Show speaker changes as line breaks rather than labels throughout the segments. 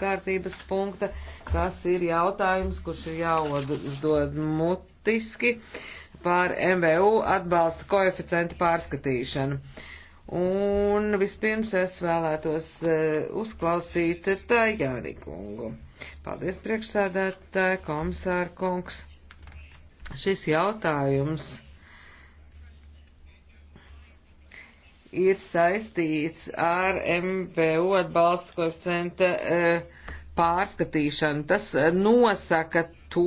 kārtības punkta, kas ir jautājums, kurš ir jāuzdod mutiski par MVU atbalsta koeficientu pārskatīšanu. Un vispirms es vēlētos e, uzklausīt Tajāri kungu. Paldies priekšsēdētāji, komisāra kungs. Šis jautājums ir saistīts ar MVU atbalsta koeficienta eh, pārskatīšanu. Tas eh, nosaka to,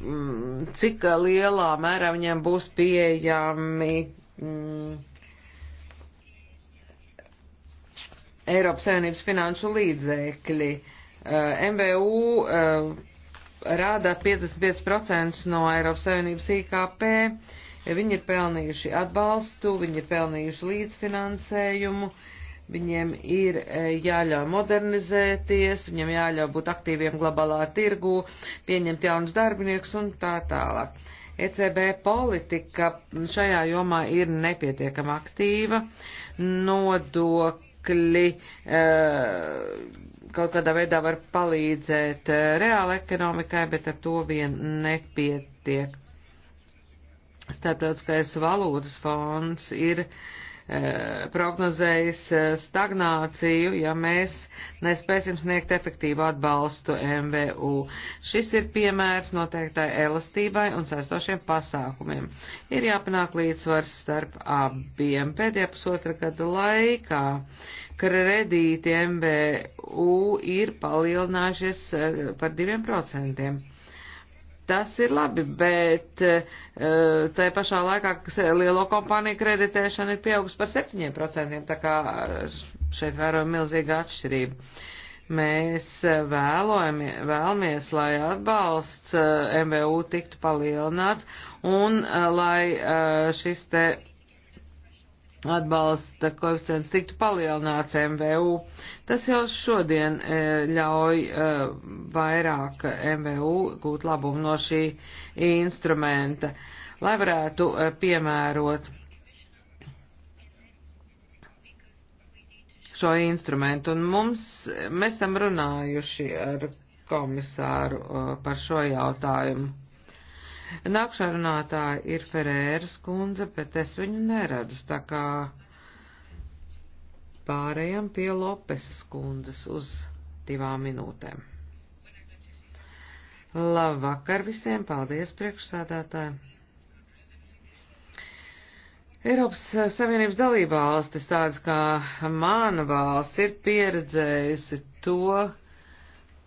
mm, cik lielā mērā viņiem būs pieejami mm, Eiropas Savienības finanšu līdzēkļi. Eh, MVU rāda 55% no Eiropas Savienības IKP Viņi ir pelnījuši atbalstu, viņi ir pelnījuši līdzfinansējumu, viņiem ir e, jāļauj modernizēties, viņiem jāļauj būt aktīviem globālā tirgū, pieņemt jaunus darbiniekus un tā tālāk. ECB politika šajā jomā ir nepietiekama aktīva, nodokļi e, kaut kādā veidā var palīdzēt e, reāla ekonomikai, bet ar to vien nepietiek. Starptautiskais valūtas fonds ir e, prognozējis e, stagnāciju, ja mēs nespēsim sniegt efektīvu atbalstu MVU. Šis ir piemērs noteiktai elastībai un saistošiem pasākumiem. Ir jāpanāk līdzsvars starp abiem. Pēdējā pusotra gada laikā kredīti MVU ir palielinājušies e, par diviem procentiem. Tas ir labi, bet eh, tai pašā laikā lielo kompāniju kreditēšana ir pieaugusi par 7%, tā kā eh, šeit vērojam milzīga atšķirība. Mēs eh, vēlojami, vēlamies, lai atbalsts MVU tiktu palielināts un lai šis te atbalsta koeficients tiktu palielināts MVU. Tas jau šodien e, ļauj e, vairāk MVU gūt labumu no šī instrumenta, lai varētu e, piemērot šo instrumentu. Un mums, mēs esam runājuši ar komisāru par šo jautājumu. Nākšā runātāja ir Ferēras kundze, bet es viņu neredzu, tā kā pārējām pie Lopesas kundzes uz divām minūtēm. Labvakar visiem, paldies priekšsādātāji! Eiropas Savienības dalībvalstis, tādas kā mana valsts, ir pieredzējusi to,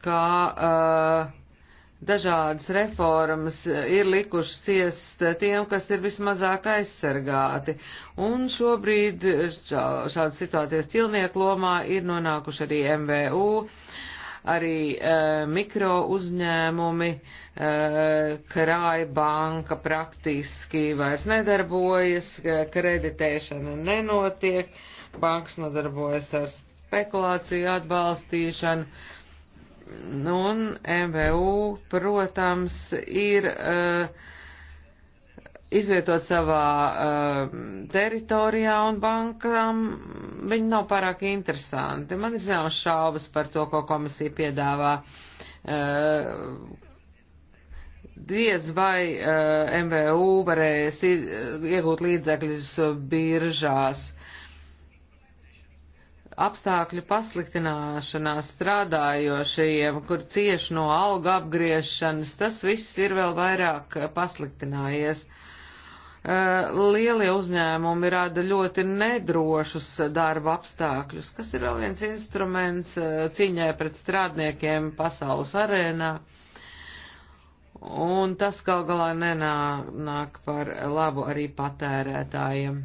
kā uh, dažādas reformas eh, ir likušas ciest eh, tiem, kas ir vismazāk aizsargāti. Un šobrīd eh, šādas situācijas ķilnieku lomā ir nonākuši arī MVU, arī e, mikro uzņēmumi, e, krāja banka praktiski vairs nedarbojas, kreditēšana nenotiek, banks nodarbojas ar spekulāciju atbalstīšanu Nu, un MVU, protams, ir uh, izvietot savā uh, teritorijā un bankām viņi nav pārāk interesanti. Man ir zināmas šaubas par to, ko komisija piedāvā. Uh, diez vai uh, MVU varēs iz, iegūt līdzekļus biržās apstākļu pasliktināšanās strādājošajiem, kur cieš no alga apgriešanas, tas viss ir vēl vairāk pasliktinājies. Eh, lielie uzņēmumi rada ļoti nedrošus darba apstākļus, kas ir vēl viens instruments eh, cīņai pret strādniekiem pasaules arēnā. Un tas gal galā nenāk par labu arī patērētājiem.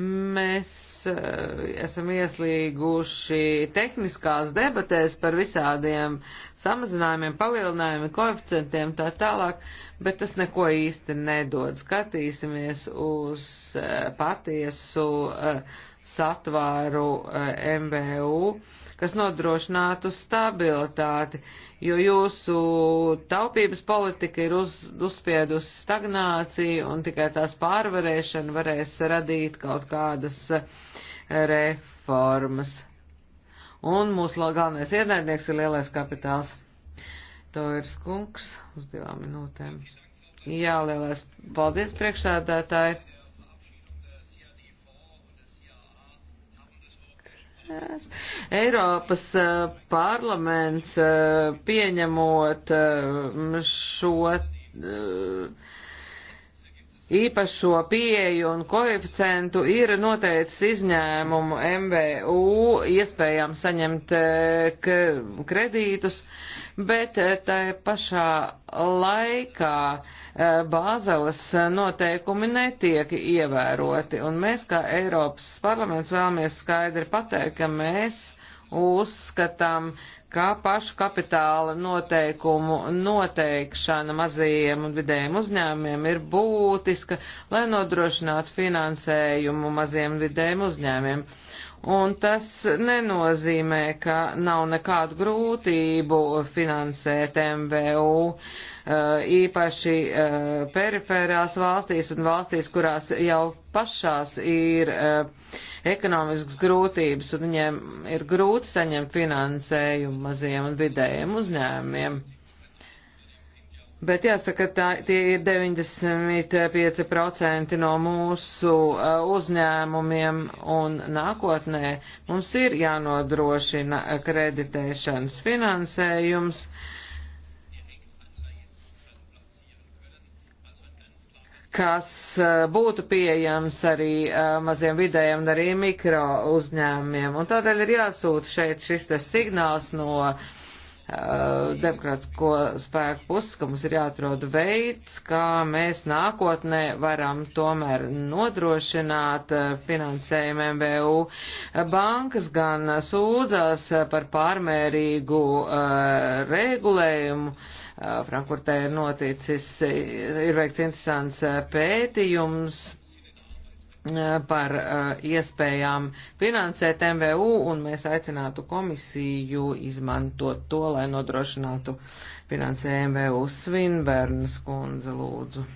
Mēs eh, esam ieslīguši tehniskās debatēs par visādiem samazinājumiem, palielinājumiem, koeficientiem tā tālāk, bet tas neko īsti nedod. Skatīsimies uz eh, patiesu eh, satvēru eh, MBU, kas nodrošinātu stabilitāti, jo jūsu taupības politika ir uz, uzspiedusi stagnāciju un tikai tās pārvarēšana varēs radīt kaut kādas eh, reformas. Un mūsu galvenais ienaidnieks ir lielais kapitāls. To ir skunks uz divām minūtēm. Jā, lielais paldies priekšsēdētāji. Eiropas eh, parlaments eh, pieņemot eh, šo īpašo pieeju un koeficientu ir noteicis izņēmumu MVU iespējām saņemt kredītus, bet tai pašā laikā Eh, Bāzeles eh, noteikumi netiek ievēroti, un mēs kā Eiropas parlaments vēlamies skaidri pateikt, ka mēs uzskatām, ka pašu kapitāla noteikumu noteikšana mazajiem un vidējiem uzņēmumiem ir būtiska, lai nodrošinātu finansējumu mazajiem un vidējiem uzņēmumiem. Un tas nenozīmē, ka nav nekādu grūtību finansēt MVU. Uh, Eh, īpaši eh, periferās valstīs un valstīs, kurās jau pašās ir eh, ekonomiskas grūtības un viņiem ir grūti saņemt finansējumu maziem un vidējiem uzņēmumiem. Bet jāsaka, tā, tie ir 95% no mūsu uzņēmumiem un nākotnē mums ir jānodrošina kreditēšanas finansējums. Uh, kas eh, būtu pieejams arī eh, maziem vidējiem un arī mikro uzņēmumiem. Un tādēļ ir jāsūt šeit šis te signāls no uh, demokrātisko spēku puses, ka mums ir jāatrod veids, kā mēs nākotnē varam tomēr nodrošināt finansējumu MBU. Bankas gan sūdzās par pārmērīgu uh, regulējumu, uh, Frankfurtē ir noticis, ir veikts interesants eh, pētījums eh, par eh, iespējām finansēt MVU, un mēs aicinātu komisiju izmantot to, lai nodrošinātu finansējumu MVU Svinbernas kundze lūdzu.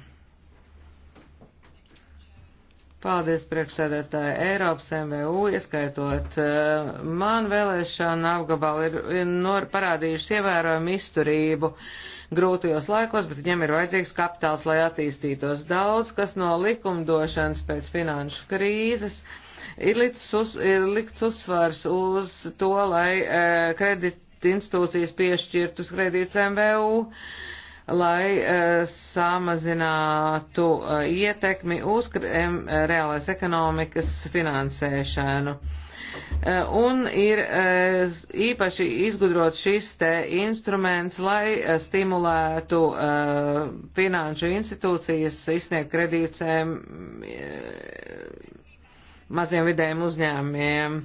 Paldies, priekšsēdētāji. Eiropas MVU, ieskaitot eh, man vēlēšana apgabalu, ir parādījuši ievērojumu izturību grūtajos laikos, bet viņiem ir vajadzīgs kapitāls, lai attīstītos daudz, kas no likumdošanas pēc finanšu krīzes ir, uz, ir likts uzsvars uz to, lai eh, kredit institūcijas piešķirtus kredītus MVU. Uh, lai uh, samazinātu uh, ietekmi uz um, reālais ekonomikas finansēšanu. Uh, un ir īpaši izgudrots šis te instruments, lai stimulētu finanšu institūcijas izsniegt kredītēm maziem vidējiem uzņēmiem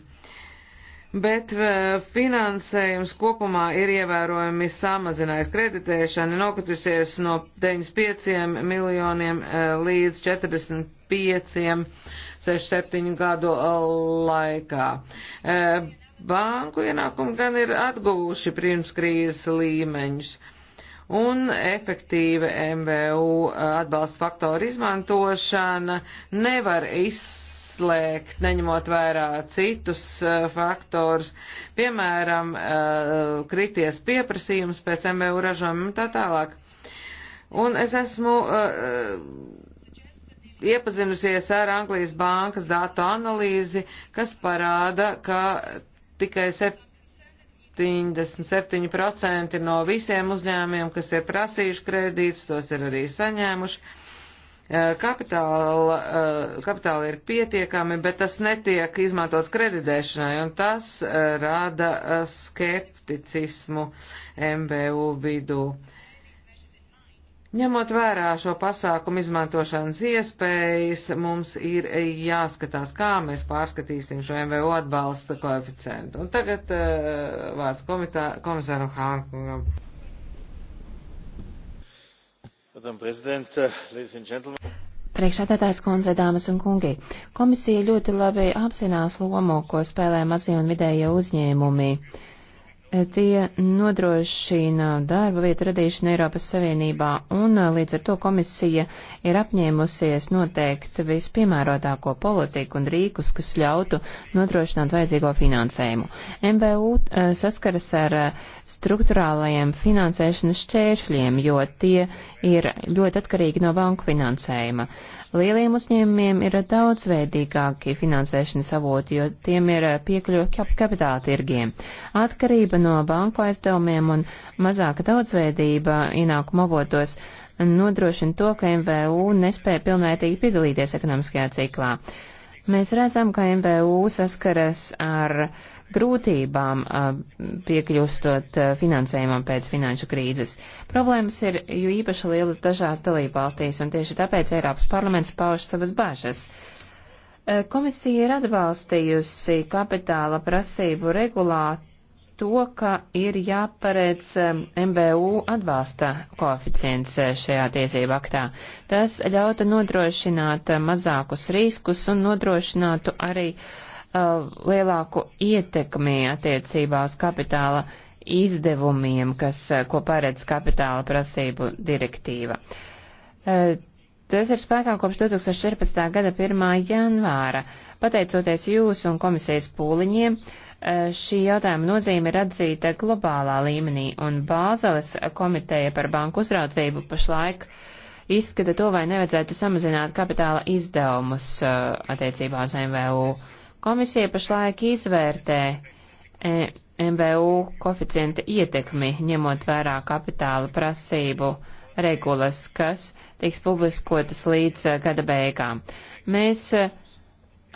bet eh, finansējums kopumā ir ievērojami samazinājis. Kreditēšana nokritusies no 95 miljoniem eh, līdz 45, 67 gadu eh, laikā. Banku ienākumi gan ir atguvuši pirms krīzes līmeņus un efektīva MVU atbalsta faktoru izmantošana nevar izsākt izslēgt, neņemot vērā citus uh, eh, faktorus, piemēram, uh, krities pieprasījums pēc MBU ražojumiem un tā tālāk. Un es esmu uh, iepazinusies ar Anglijas bankas datu analīzi, kas parāda, ka tikai 77% no visiem uzņēmiem, kas ir prasījuši kredītus, tos ir arī saņēmuši. Eh, kapitāla, eh, kapitāla ir pietiekami, bet tas netiek izmantots kreditēšanai, un tas eh, rada skepticismu MBU vidū. Ņemot vērā šo pasākumu izmantošanas iespējas, mums ir jāskatās, kā mēs pārskatīsim šo MVO atbalsta koeficientu. Un tagad uh, vārds komisāram Hānkungam. Uh,
Priekšsēdētājs kundze, dāmas un kungi, komisija ļoti labi apzinās lomu, ko spēlē mazie un vidējie uzņēmumi Eh, tie nodrošina darba vietu radīšanu Eiropas Savienībā, un eh, līdz ar to komisija ir apņēmusies noteikt vispiemērotāko politiku un rīkus, kas ļautu nodrošināt vajadzīgo finansējumu. MVU eh, saskaras ar struktūrālajiem finansēšanas šķēršļiem, jo tie ir ļoti atkarīgi no banku finansējuma. Lieliem uzņēmumiem ir daudzveidīgāki finansēšanas avoti, jo tiem ir piekļuvi kapitāla tirgiem. Atkarība atkarība no banku aizdevumiem un mazāka daudzveidība ienākuma avotos nodrošina to, ka MVU nespēja pilnvērtīgi piedalīties ekonomiskajā ciklā. Mēs redzam, ka MVU saskaras ar grūtībām piekļūstot finansējumam pēc finanšu krīzes. Problēmas ir jo īpaši lielas dažās dalībvalstīs, un tieši tāpēc Eiropas parlaments pauž savas bažas. Komisija ir atbalstījusi kapitāla prasību regulā, to, ka ir jāparedz MBU um, atbalsta koeficients uh, šajā tiesību aktā. Tas ļauta nodrošināt uh, mazākus riskus un nodrošinātu arī uh, lielāku ietekmi attiecībā uz kapitāla izdevumiem, kas, uh, ko paredz kapitāla prasību direktīva. Uh, Tas ir spēkā kopš 2014. gada 1. janvāra. Pateicoties jūsu un komisijas pūliņiem, eh, šī jautājuma nozīme ir atzīta globālā līmenī, un Bāzeles komiteja par banku uzraudzību pašlaik izskata to, vai nevajadzētu samazināt kapitāla izdevumus eh, attiecībā uz MVU. Komisija pašlaik izvērtē eh, MVU koeficienta ietekmi, ņemot vērā kapitāla prasību regulas, kas tiks publiskotas līdz eh, gada beigām. Mēs eh,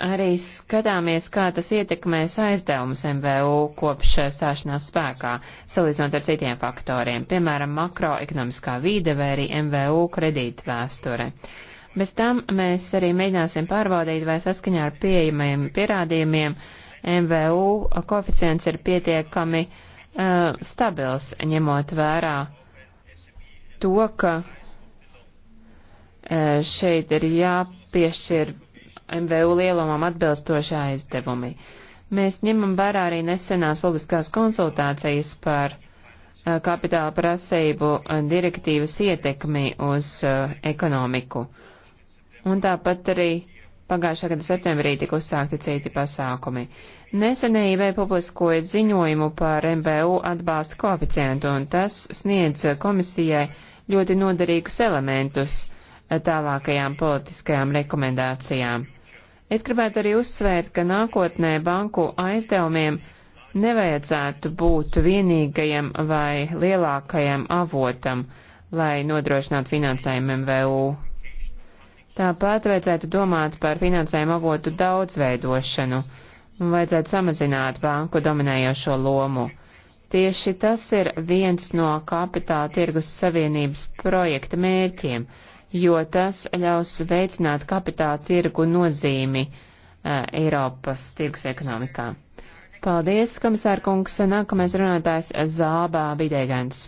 arī skatāmies, kā tas ietekmēs aizdevumus MVU kopš eh, stāšanās spēkā, salīdzinot ar citiem faktoriem, piemēram, makroekonomiskā vīde vai arī MVU kredīta vēsture. Bez tam mēs arī mēģināsim pārbaudīt, vai saskaņā ar pieejamajiem pierādījumiem MVU koeficients ir pietiekami uh, stabils, ņemot vērā uh, to, ka e, šeit ir jāpiešķir MVU lielumam atbilstošā aizdevumi. Mēs ņemam vērā arī nesenās publiskās konsultācijas par e, kapitāla prasību e, direktīvas ietekmi uz ekonomiku. Un tāpat arī Pagājušā gada septembrī tika uzsākti citi pasākumi. Nesenī IB publiskoja ziņojumu par MBU atbalsta koeficientu, un tas sniedz komisijai ļoti noderīgus elementus eh, tālākajām politiskajām rekomendācijām. Es gribētu arī uzsvērt, ka nākotnē banku aizdevumiem nevajadzētu būt vienīgajam vai lielākajam avotam, lai nodrošinātu finansējumu MVU. Tāpat vajadzētu domāt par finansējumu avotu daudzveidošanu un vajadzētu samazināt banku dominējošo lomu. Tieši tas ir viens no kapitāla tirgus savienības projekta mērķiem, jo tas ļaus veicināt kapitāla tirgu nozīmi uh, Eiropas tirgus ekonomikā. Paldies, komisārkungs. Nākamais runātājs Zābā Bidēgans.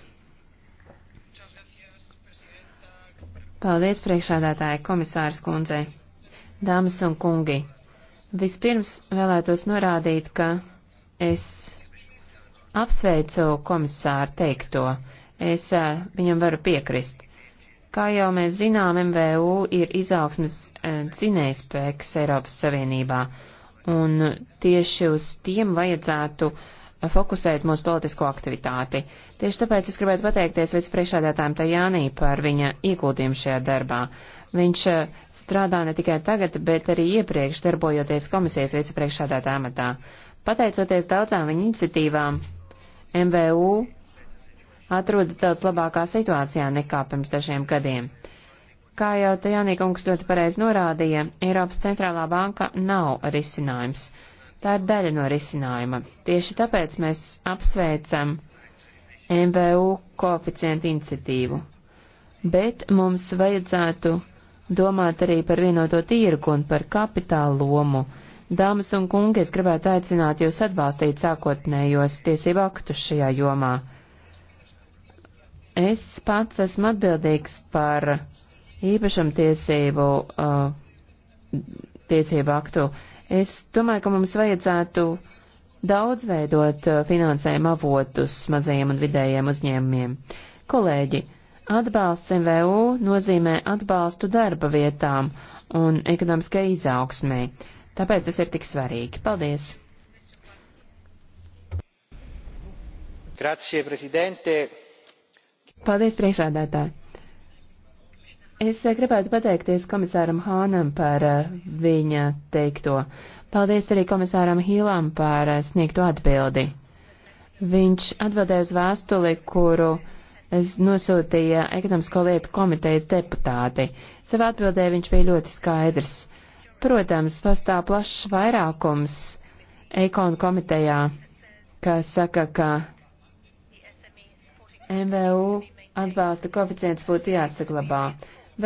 Paldies, priekšādātāji, komisārs kundzei. Dāmas un kungi, vispirms vēlētos norādīt, ka es Apsveicu komisāru teikto. Es eh, viņam varu piekrist. Kā jau mēs zinām, MVU ir izaugsmes eh, cinējspēks Eiropas Savienībā, un tieši uz tiem vajadzētu eh, fokusēt mūsu politisko aktivitāti. Tieši tāpēc es gribētu pateikties vicepriekšādātājiem Tajānī par viņa ieguldījumu šajā darbā. Viņš strādā ne tikai tagad, bet arī iepriekš darbojoties komisijas vicepriekšādātā amatā. Pateicoties daudzām viņa iniciatīvām, MVU atrodas daudz labākā situācijā nekā pirms dažiem gadiem. Kā jau te Janīkungs ļoti pareizi norādīja, Eiropas centrālā banka nav risinājums. Tā ir daļa no risinājuma. Tieši tāpēc mēs apsveicam MVU koeficientu iniciatīvu. Bet mums vajadzētu domāt arī par vienoto tirgu un par kapitālu lomu Dāmas un kungi, es gribētu aicināt jūs atbalstīt sākotnējos tiesību aktus šajā jomā. Es pats esmu atbildīgs par īpašumtiesību uh, tiesību aktu. Es domāju, ka mums vajadzētu daudz veidot uh, finansējuma avotus mazajiem un vidējiem uzņēmumiem. Kolēģi, atbalsts MVU nozīmē atbalstu darba vietām un ekonomiskai izaugsmēji. Tāpēc tas ir tik svarīgi. Paldies!
Grazie, prezidente!
Paldies, priekšādātāji! Es eh, gribētu pateikties komisāram Hānam par eh, viņa teikto. Paldies arī komisāram Hīlam par eh, sniegto atbildi. Viņš atbildēja uz vēstuli, kuru es nosūtīja ekonomisko lietu komitejas deputāti. Savā atbildē viņš bija ļoti skaidrs. Protams, pastāv plašs vairākums Eikonu komitejā, kas saka, ka MVU atbalsta koeficients būtu jāsaglabā.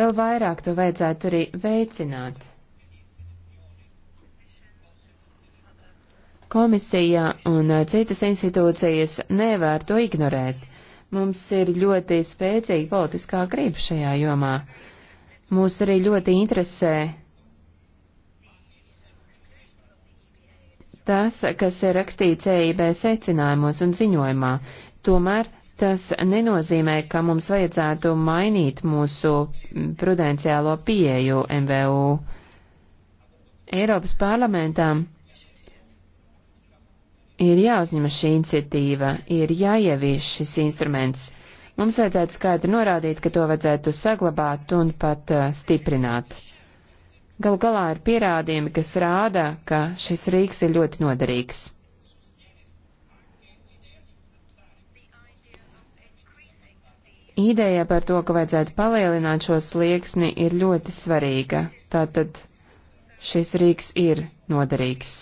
Vēl vairāk to vajadzētu arī veicināt. Komisija un citas institūcijas nevar to ignorēt. Mums ir ļoti spēcīga politiskā grība šajā jomā. Mūs arī ļoti interesē tas, kas ir rakstīts EIB secinājumos un ziņojumā. Tomēr tas nenozīmē, ka mums vajadzētu mainīt mūsu prudenciālo pieeju MVU. Eiropas parlamentām ir jāuzņemas šī iniciatīva, ir jāievieš šis instruments. Mums vajadzētu skaidri norādīt, ka to vajadzētu saglabāt un pat uh, stiprināt. Galu galā ir pierādījumi, kas rāda, ka šis rīks ir ļoti noderīgs. Ideja par to, ka vajadzētu palielināt šo slieksni, ir ļoti svarīga. Tātad šis rīks ir noderīgs.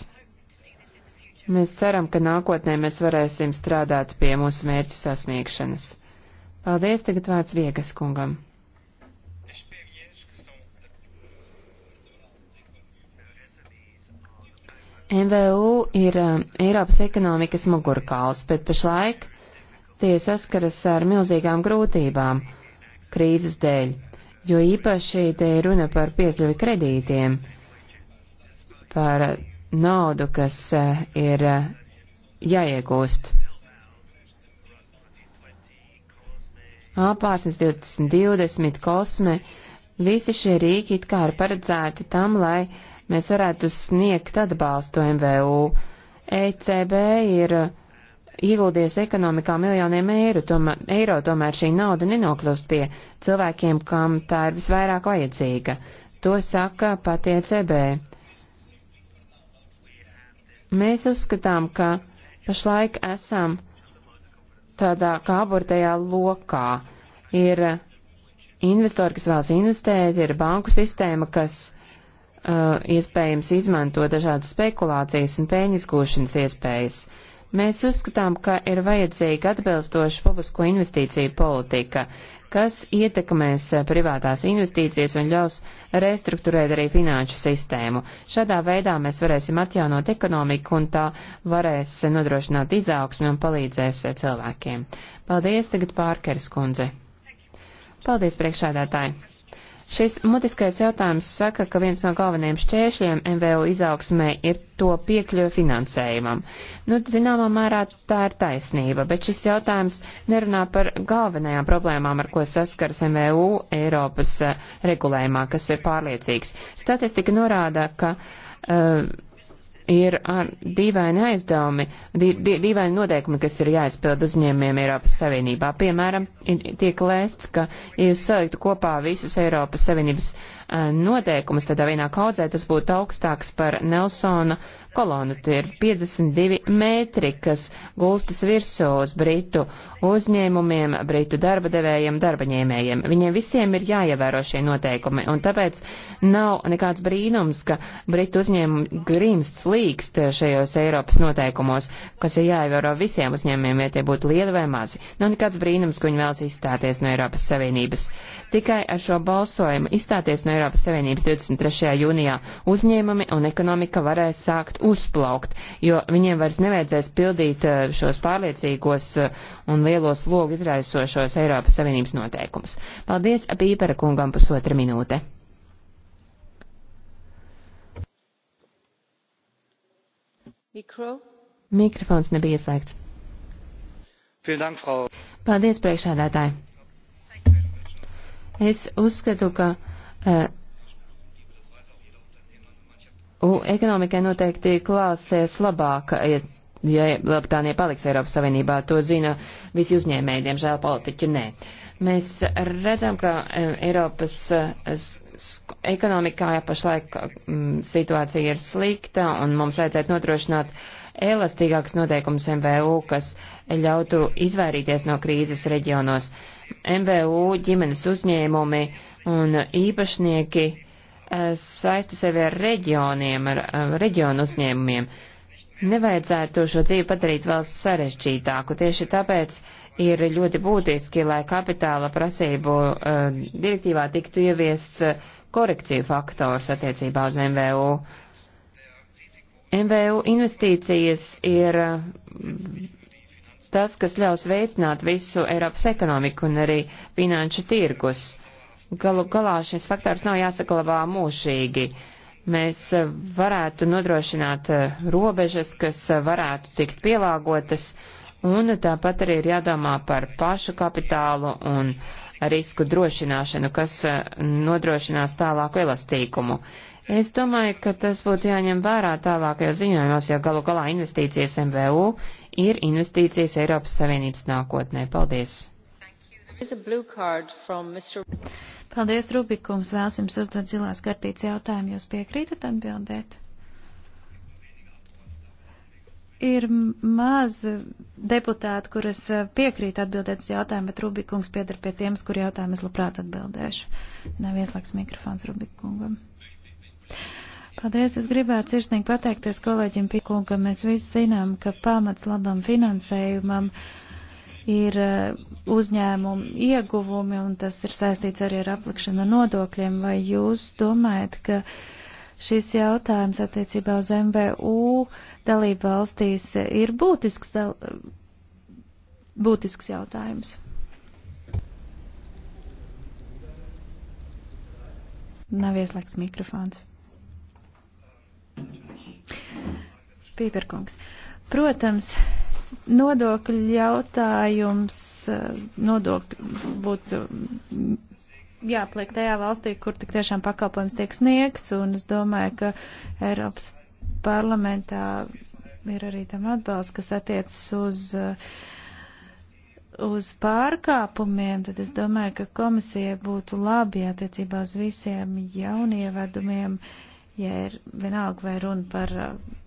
Mēs ceram, ka nākotnē mēs varēsim strādāt pie mūsu mērķu sasniegšanas. Paldies, tagad vārds Viegas kungam. MVU ir um, Eiropas ekonomikas mugurkauls, bet pašlaik tie saskaras ar milzīgām grūtībām krīzes dēļ, jo īpaši te ir runa par piekļuvi kredītiem, par naudu, kas uh, ir uh, jāiegūst. Apārsnes 2020, kosme, visi šie rīki it kā ir paredzēti tam, lai mēs varētu sniegt atbalstu MVU. ECB ir ieguldījusi ekonomikā miljoniem eiro, tomēr, eiro, tomēr šī nauda nenokļūst pie cilvēkiem, kam tā ir visvairāk vajadzīga. To saka pat ECB. Mēs uzskatām, ka pašlaik esam tādā kā abortajā lokā. Ir investori, kas vēlas investēt, ir banku sistēma, kas uh, iespējams izmanto dažādas spekulācijas un pēļņas gūšanas iespējas. Mēs uzskatām, ka ir vajadzīga atbilstoša publisko investīciju politika, kas ietekmēs uh, privātās investīcijas un ļaus restruktūrēt arī finanšu sistēmu. Šādā veidā mēs varēsim atjaunot ekonomiku un tā varēs nodrošināt izaugsmi un palīdzēs uh, cilvēkiem. Paldies, tagad Pārkeres kundze. Paldies, priekšādātāji. Šis mutiskais jautājums saka, ka viens no galvenajiem šķēršļiem MVU izaugsmē ir to piekļuve finansējumam. Nu, zināmā mērā tā ir taisnība, bet šis jautājums nerunā par galvenajām problēmām, ar ko saskars MVU Eiropas eh, regulējumā, kas ir pārliecīgs. Statistika norāda, ka uh, ir dīvaini aizdevumi, di, di, dīvaini noteikumi, kas ir jāizpild uzņēmiem Eiropas Savienībā. Piemēram, tiek lēsts, ka, ja saliktu kopā visus Eiropas Savienības eh, noteikumus, tad vienā kaudzē tas būtu augstāks par Nelsona kolonu. Tie ir 52 metri, kas gulstas virsū uz Britu uzņēmumiem, Britu darba devējiem, darba ņēmējiem. Viņiem visiem ir jāievēro šie noteikumi, un tāpēc nav nekāds brīnums, ka Britu uzņēmumi grimst slīkst šajos Eiropas noteikumos, kas ir jāievēro visiem uzņēmumiem, ja tie būtu lieli vai mazi. Nav nekāds brīnums, ka viņi vēlas izstāties no Eiropas Savienības. Tikai ar šo balsojumu izstāties no Eiropas Savienības 23. jūnijā uzņēmumi un ekonomika varēs sākt uzplaukt, jo viņiem vairs nevajadzēs pildīt eh, šos pārliecīgos eh, un lielos logu izraisošos Eiropas Savienības noteikumus. Paldies Pīpera kungam pusotra minūte. Mikro? Mikrofons nebija ieslēgts. Paldies, priekšādātāji! Es uzskatu, ka uh, ekonomikai noteikti klāsies labāk, ja, ja Lielbritānija paliks Eiropas Savienībā. To zina visi uzņēmēji, diemžēl politiķi nē. Mēs redzam, ka eh, Eiropas eh, ekonomikā ja pašlaik mm, situācija ir slikta un mums vajadzētu nodrošināt uh, elastīgākus noteikumus MVU, kas ļautu izvairīties no krīzes reģionos. MVU ģimenes uzņēmumi un īpašnieki eh, saista sevi ar reģioniem, ar eh, reģionu uzņēmumiem. Nevajadzētu šo dzīvi padarīt vēl sarežģītāku. Tieši tāpēc ir ļoti būtiski, lai kapitāla prasību uh, direktīvā tiktu ieviests korekciju faktors attiecībā uz MVU. MVU investīcijas ir tas, kas ļaus veicināt visu Eiropas ekonomiku un arī finanšu tirgus. Galu galā šis faktors nav jāsaglabā mūžīgi. Mēs varētu nodrošināt eh, robežas, kas varētu tikt pielāgotas, un tāpat arī ir jādomā par pašu kapitālu un risku drošināšanu, kas eh, nodrošinās tālāku elastīkumu. Es domāju, ka tas būtu jāņem vērā tālākajos ziņojumos, jo galu galā investīcijas MVU ir investīcijas Eiropas Savienības nākotnē. Paldies!
Paldies, Rubikums. Vēls jums uzdot zilās kartītes jautājumu. Jūs piekrītat atbildēt? Ir maz deputāti, kuras piekrīt atbildēt uz jautājumu, bet Rubikungs piedar pie tiem, kur jautājumu es labprāt atbildēšu. Nav ieslēgts mikrofons Rubikungam. Paldies, es gribētu sirsnīgi pateikties kolēģim Pikungam. Mēs visi zinām, ka pamats labam finansējumam ir eh, uzņēmumu ieguvumi, un tas ir saistīts arī ar aplikšanu nodokļiem. Vai jūs domājat, ka šis jautājums attiecībā uz MVU dalību valstīs ir būtisks, dal... būtisks jautājums? Nav ieslēgts mikrofons. Pīperkungs. Protams, nodokļu jautājums, eh, nodokļu būtu jāpliek tajā valstī, kur tik tiešām pakalpojums tiek sniegts, un es domāju, ka Eiropas parlamentā ir arī tam atbalsts, kas attiecas uz, eh, uz pārkāpumiem, tad es domāju, ka komisija būtu labi attiecībā uz visiem jaunievedumiem, ja ir vienalga vai runa par eh,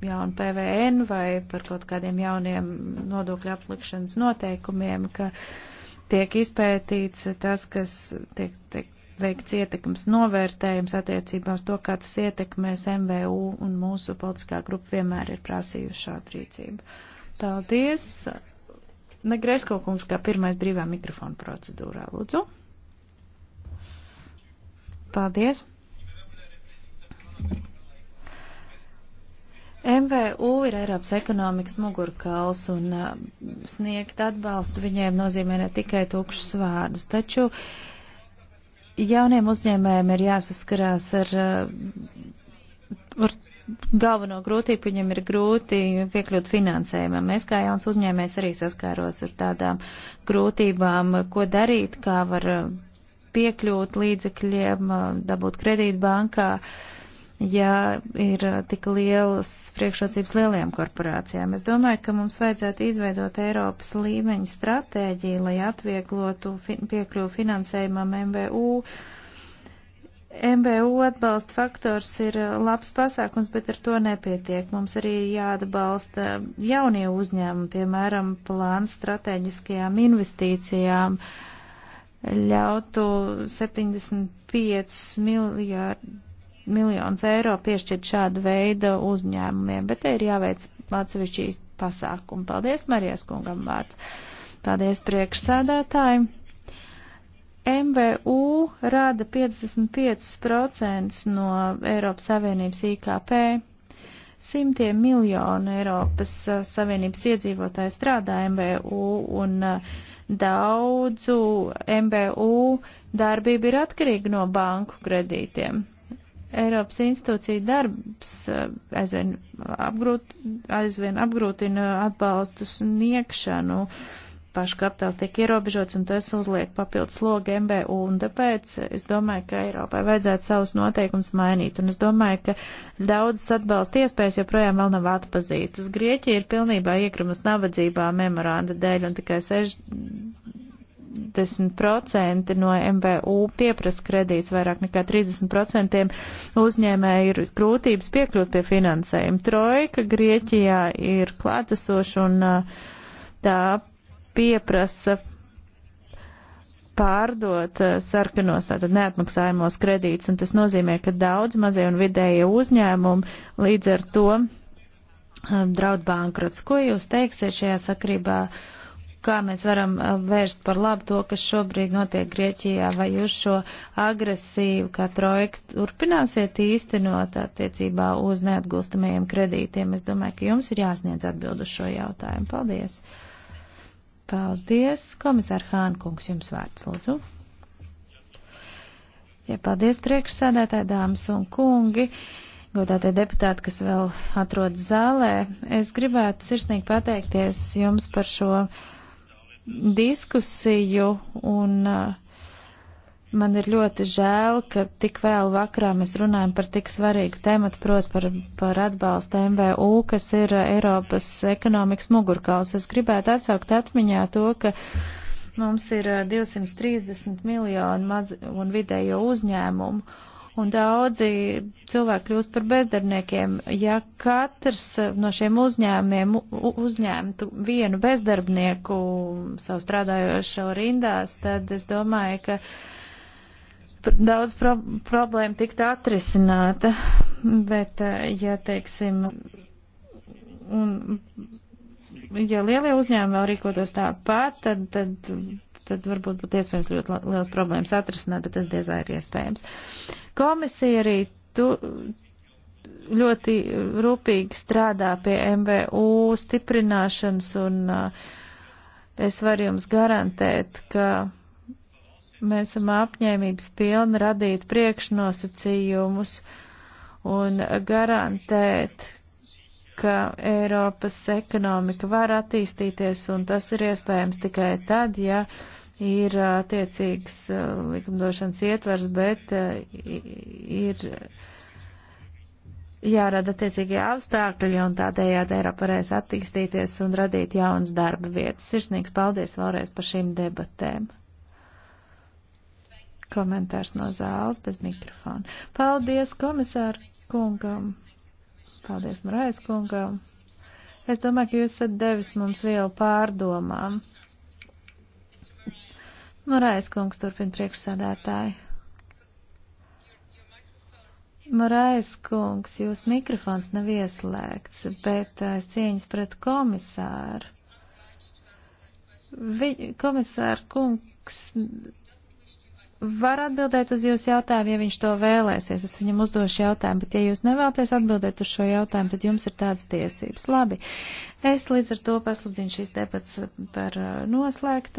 jaunu PVN vai par kaut kādiem jauniem nodokļu aplikšanas noteikumiem, ka tiek izpētīts tas, kas tiek, tiek veikts ietekmes novērtējums attiecībā uz to, kā tas ietekmēs MVU un mūsu politiskā grupa vienmēr ir prasījusi šādu rīcību. Paldies! Negresko kungs kā pirmais brīvā mikrofona procedūrā, lūdzu. Paldies! MVU ir Eiropas ekonomikas mugurkauls un uh, sniegt atbalstu viņiem nozīmē ne tikai tukšus vārdus, taču jauniem uzņēmējiem ir jāsaskarās ar, uh, ar galveno grūtību, viņam ir grūti piekļūt finansējumam. Mēs kā jauns uzņēmējs arī saskāros ar tādām grūtībām, ko darīt, kā var uh, piekļūt līdzekļiem, dabūt kredīt bankā. Uh, ja ir uh, tik lielas priekšrocības lielajām korporācijām. Es domāju, ka mums vajadzētu izveidot Eiropas līmeņa stratēģiju, lai atvieglotu fi piekļuvu finansējumam MVU. MBU atbalsta faktors ir uh, labs pasākums, bet ar to nepietiek. Mums arī jāatbalsta jaunie uzņēmumi, piemēram, plāns strateģiskajām investīcijām, ļautu 75 miljārdu miljonus eiro piešķirt šādu veidu uzņēmumiem, bet te ir jāveic atsevišķīs pasākumi. Paldies, Marijas kungam vārds. Paldies, priekšsēdētāji. MVU rada 55% no Eiropas Savienības IKP. Simtiem miljonu Eiropas uh, Savienības iedzīvotāji strādā MVU un uh, daudzu MVU darbība ir atkarīga no banku kredītiem. Eiropas institūcija darbs eh, aizvien, apgrūt, aizvien apgrūtina atbalstu sniegšanu. Pašu kapitāls tiek ierobežots un tas uzliek papildus slogu MBU un tāpēc es domāju, ka Eiropai vajadzētu savus noteikumus mainīt un es domāju, ka daudzas atbalsta iespējas joprojām vēl nav atpazītas. Grieķija ir pilnībā iekrumas nabadzībā memoranda dēļ un tikai 6 40% no MVU pieprasa kredīts, vairāk nekā 30% uzņēmēji ir grūtības piekļūt pie finansējuma. Trojka Grieķijā ir klātesoša un uh, tā pieprasa pārdot uh, sarkanos, tātad neatmaksājumos kredītus, un tas nozīmē, ka daudz mazie un vidējie uzņēmumi līdz ar to uh, draud bankrots. Ko jūs teiksiet šajā sakrībā? Uh, kā mēs varam uh, vērst par labu to, kas šobrīd notiek Grieķijā, vai jūs šo agresīvu kā projektu turpināsiet īstenot attiecībā uz neatgūstamajiem kredītiem. Es domāju, ka jums ir jāsniedz atbildu šo jautājumu. Paldies! Paldies! Komisār Hānkungs, jums vārds, lūdzu. Ja, paldies priekšsēdētāji, dāmas un kungi, godātie deputāti, kas vēl atrodas zālē. Es gribētu sirsnīgi pateikties jums par šo diskusiju un eh, man ir ļoti žēl, ka tik vēl vakarā mēs runājam par tik svarīgu tematu, prot par, par atbalstu MVU, kas ir eh, Eiropas ekonomikas mugurkaus. Es gribētu atsaukt atmiņā to, ka mums ir 230 eh, miljoni maz un vidējo uzņēmumu un daudzi cilvēki kļūst par bezdarbniekiem. Ja katrs no šiem uzņēmiem uzņemtu vienu bezdarbnieku savu strādājošo rindās, tad es domāju, ka daudz pro problēmu tiktu atrisināta. Bet, eh, ja teiksim, un, ja lielie uzņēmumi vēl rīkotos tāpat, tad, tad tad varbūt būtu iespējams ļoti liels problēmas atrisināt, bet tas diezā ir iespējams. Komisija arī tu, ļoti rūpīgi strādā pie MVU stiprināšanas, un uh, es varu jums garantēt, ka mēs esam apņēmības pilni radīt priekšnosacījumus un garantēt, ka Eiropas ekonomika var attīstīties, un tas ir iespējams tikai tad, ja ir attiecīgs likumdošanas ietvers, bet ir jārada attiecīgie apstākļi un tādējādi Eiropa varēs attīstīties un radīt jaunas darba vietas. Sirsnīgs paldies vēlreiz par šīm debatēm. Komentārs no zāles bez mikrofona. Paldies komisāru kungam. Paldies Marais kungam. Es domāju, ka jūs esat devis mums vielu pārdomām. Morais kungs turpina priekšsādātāji. Morais kungs, jūs mikrofons nav ieslēgts, bet uh, es cieņas pret komisāru. Vi, komisāra kungs var atbildēt uz jūsu jautājumu, ja viņš to vēlēsies. Es viņam uzdošu jautājumu, bet ja jūs nevēlaties atbildēt uz šo jautājumu, tad jums ir tādas tiesības. Labi, es līdz ar to pasludinu šīs debats par uh, noslēgtā.